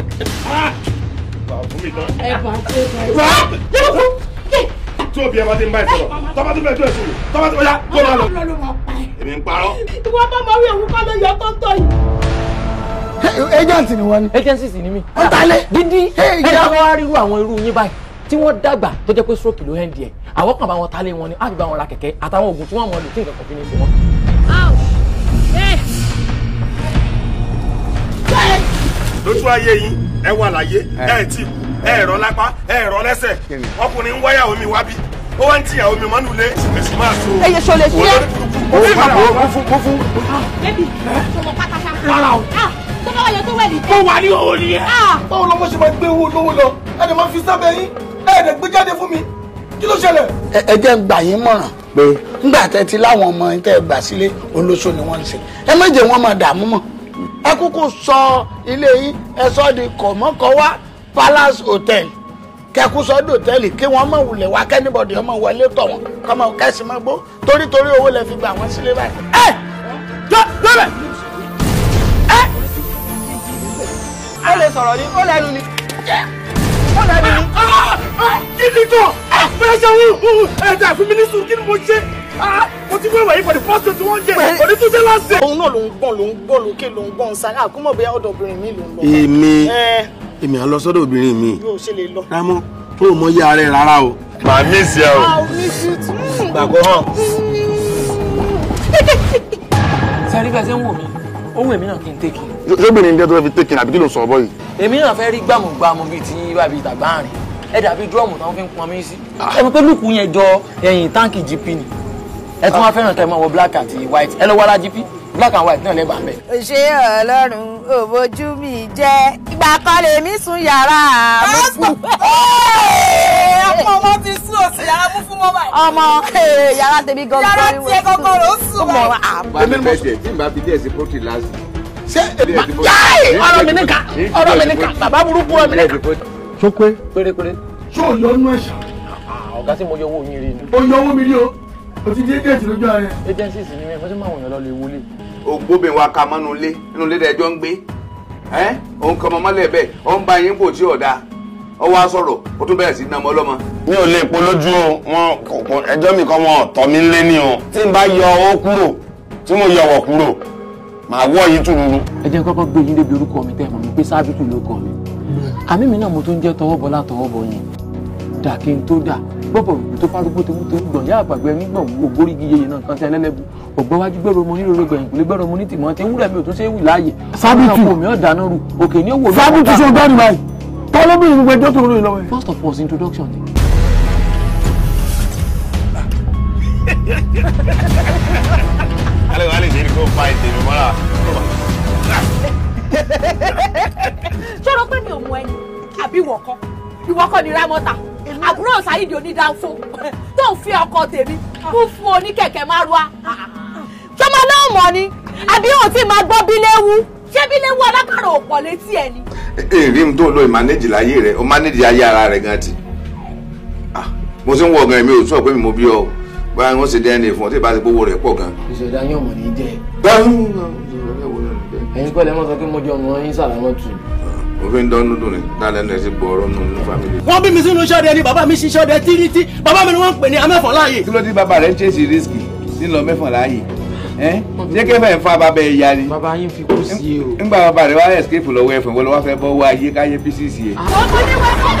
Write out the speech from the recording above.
tí òbí ẹ bá ti ń bá ẹ sọ̀rọ̀ tọ́ba tó bẹ̀ tó ẹ sọ̀rọ̀ tọ́ba tó yá kó máa lọ. èmi ń parọ́. ìwọ bá máa rí ewu ká ló yọ tọ́ntọ́ yìí. agency ni wọ́n ní. agency sì ni mí. ó talẹ̀. dídí ẹ dáwọ́ wá rírú àwọn irú yín báyìí tí wọ́n dàgbà tó jẹ́ pé stroke ló hẹ́ndì ẹ̀ àwọn kan bá wọn talé wọn ni á fi bá wọn ra kẹ̀kẹ́ àtàwọn oògùn tí wọ́n mọ̀ lò tí nǹkan kan fi ní í ṣe wọn. lójú ayé yín ẹ wà láyé eh. ẹ tí ẹ rọ lápá ẹ rọ lẹ́sẹ̀ ọkùnrin ń wáyà omi wábí ó wá ń tìyà omi mọ́nú lé èsì máa so èyí ṣo lè fi ẹ́ òun padà wọ́n mo fún mo fún. bébì sọmọ pátákà. rárá o. Ah, tó bá tó wẹ̀ mo wà ní òun ni ẹ. Ah. báwo lọ́mọ ṣe máa gbé owó lówó lọ ẹ dẹ̀ máa fi sábẹ́ yín ẹ dẹ̀ gbé jáde fún mi kí ló ṣẹlẹ̀. ẹ jẹ́ gbà yín mọ̀ràn pé ńgbà tẹ́ ti láwọn ọmọ tẹ́ gbà sílé olóṣó ni wọ́n ń ṣe ẹ má jẹ́ wọ́n máa dààmú mọ́ ẹ kúkú sọ ilé yín ẹ sọ di kọ̀mọ́kọ́wá palace hotel kẹkú sọ di hòtẹ́ẹ̀lì kí wọ́n mọ̀ wulẹ̀ wá kẹ́nìbọ̀dì ọmọ wọlé tọ̀ wọ́n kọ́mọ kẹ́sì máa gbó torí torí owó lẹ fi gbà wọ́n sílé báyìí. ẹ jọ lóbẹ ẹ. ó lè sọ̀rọ̀ ni ó lẹ́nu ni ó lẹ́nu ni kí ni kọ́ bẹ́ẹ̀ kí ni mo ṣe mo ti wéwà yìí for the first twenty one years òní tún ṣe òun náà ló ń gbọ́n ló ń gbọ́n lókè ló ń gbọ́n sáré àkúmọ̀ bóyá ọ̀dọ̀ obìnrin mi ló ń lọ. èmi èmi à ń lọ sọ́dọ̀ obìnrin mi rámọ́ tó o mọ yé ara ẹ rárá o. màá mí sí ẹ o. gbàgbọ́ hàn. sẹ́rí bá wò mí ohun èmi náà kì í tèkì. sóbìnrin ní ẹjọ́ tó fẹ́ fi tèkì àbí kí ló ń sọ̀rọ̀ bọ́ ẹ dàbí dúrọ́ọ̀mù táwọn fi ń pọn sí. Ah. ẹ wípé lùkù yẹn jọ ẹ̀yìn táǹkì GP ni ẹ tún wá fẹ́ràn kẹ́ ẹ black àti white ẹ lọ wá la GP black and white náà lẹ́bàá mẹ́. òṣè ọlọ́run òbójú mi jẹ́ ìgbà kan lèmi sùn yàrá àmúfú. ọmọ ọmọ ti sún òsì yàrá mú fún mọ́bà. ọmọ eh, yàrá tèmi gọ́gọ́ yàrá tiẹ̀ gọ́gọ́ ló sùn mi bẹ̀jẹ̀ tí n bá fi díẹ̀ sí protein last. ṣé mi nìkan ọ̀rọ̀ mi nìkan bàbá ṣó o yọ nú ẹ̀ṣà. ọ̀gá tí mo yọ owó yín rí ni. o yọ owó mi rí o o ti dé déètì lójú ara rẹ. agencies ni mi fẹsẹ̀ máa wọ̀nyàn lọ lè wọlé. ògbóbìn wa ka mọ́nu ilé nínú ilé rẹ̀ jọ ń gbé òun kan mọ́ mọ́lẹ̀ bẹ́ẹ̀ ó ń ba yín bò tí ọ̀dà ó wá sọ̀rọ̀ ó tún bẹ̀rẹ̀ sí ní ọmọ ọlọ́mọ. mi ò lè polójú wọn ẹjọ́ mi kan wọn tọ̀ mí lé ní o tí n bá yọ owó kúrò tí mo yọ ọ̀wọ̀ kúrò màá wọ̀ yín túrúurú. ẹ jẹ́ kọ́kọ́ gbé yín débi orúkọ mi tẹ́ mọ̀ mi pé sábìtù ló kọ mi hmm. àmì mi náà mo tún jẹ́ tọwọ́ bọ́lá tọwọ́ bọ́ yín dà kí n tó dà bọ́bọ̀ rògbò tó fárúgbó tó tó ń gbọ̀n yá àgbàgbẹ́ nígbọ̀n ògbórígi yeye náà kan tẹ́ ẹlẹ́lẹ́bu ọ̀gbọ́wájú gbẹ̀rọ mo nílò gbẹ̀yìn kùlé gbẹ̀rọ mo ní tìmọ̀ tí wúrẹ̀ mi ò tún ṣe é wì láàyè. sábìtù ọkọ mi ò dáná ru òkè ní òwò. sábìtù ṣe ọgá nìbàyì tọ́lọ́bìnrin gbogbo ẹjọ́ tó ń lóye lọ́wọ́. first of all introduction ni. alẹ́ wàá lè ṣe kó fa ètè mi mọ́ra. ṣọ́rọ́ pé mi ò mú ẹni àbí ìwọ̀kọ́ ìwọ̀kọ́ ni rámọ́ta àbúrò Saheed onídàáfó tó ń fi ọkọ tèmi kún fún oníkẹ̀kẹ́ márùá jọmọ náà mọ̀ ni àbí òun ti máa gbọ́ bíléwu ṣé bíléwu alákàrà ò pọ̀ létí ẹ̀ ni. èrè mi tó ń lo ìmánéjì láyé rẹ o mánéjì ayé ara rẹ gan ti ah, mo ti ń wọ ọgàn mi ò tún ọ̀pẹ́ mi mo bí ọ báyìí wọ́n ṣe dna fún ọ tí ì bá ti gbówó rẹ̀ pọ̀ gan. ìṣẹ̀dá yóò mọ̀ ní jẹ́. ẹ̀yin kọ́lẹ̀ mọ́ sọ pé mo jọ mọ́ yín sàlámọ́ tù òfin dán nùdùn ni tálẹ̀ ní gbọ́ọ̀rọ̀ nínú fámìlì. wọ́n bí mi sínú ṣọ́ọ̀dẹ ni bàbá mi ṣí ṣọ́ọ̀dẹ tírítí bàbá mi ni wọ́n ń pè ní amẹ́fọ̀n láàyè. kí ló dé bàbá rẹ̀ ń ṣèṣì rísíkì nílò mẹ́fọ̀n láàyè ṣé kẹfẹ́ ń fa bàbá ẹ̀yà ni. bàbá yín fi kú sí i o. nígbà bàbá rẹ̀ wá ẹ̀skéèpù lọ́wọ́ ẹ̀fọ̀n wọlé wá fẹ́ bọ́ wá ayé káyé bísíìsì ẹ̀. ọkùnrin wa kọ́